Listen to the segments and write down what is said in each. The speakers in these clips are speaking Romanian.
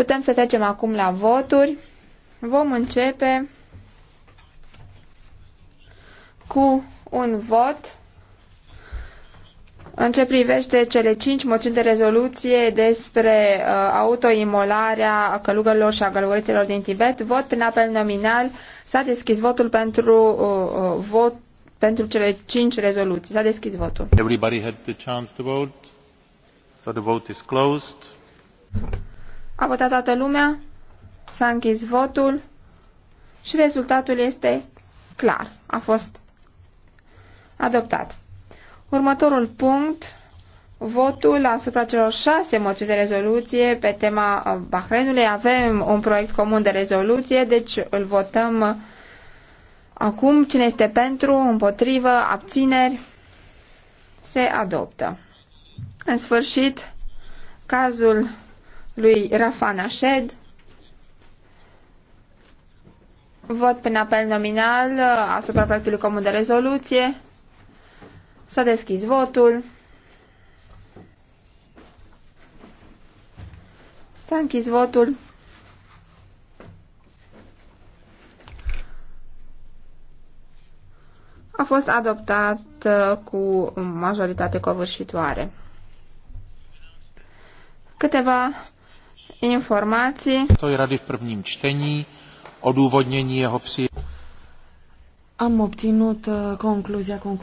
Putem să trecem acum la voturi. Vom începe cu un vot în ce privește cele cinci moțiuni de rezoluție despre uh, autoimolarea călugărilor și a călugărițelor din Tibet, vot prin apel nominal, s-a deschis votul pentru uh, uh, vot pentru cele cinci rezoluții. S-a deschis votul. Everybody had the chance to vote, so the vote is closed. A votat toată lumea, s-a închis votul și rezultatul este clar. A fost adoptat. Următorul punct, votul asupra celor șase moțiuni de rezoluție pe tema Bahrainului Avem un proiect comun de rezoluție, deci îl votăm acum. Cine este pentru, împotrivă, abțineri, se adoptă. În sfârșit, cazul lui Rafa Nashed. Vot prin apel nominal uh, asupra proiectului comun de rezoluție. S-a deschis votul. S-a închis votul. A fost adoptat uh, cu majoritate covârșitoare. Câteva informații. To je rady v prvním čtení, odůvodnění jeho při... Am obținut uh, concluzia um,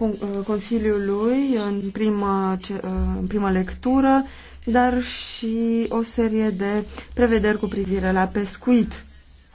uh, Consiliului în prima, uh, în prima lectură, dar și o serie de prevederi cu privire la pescuit.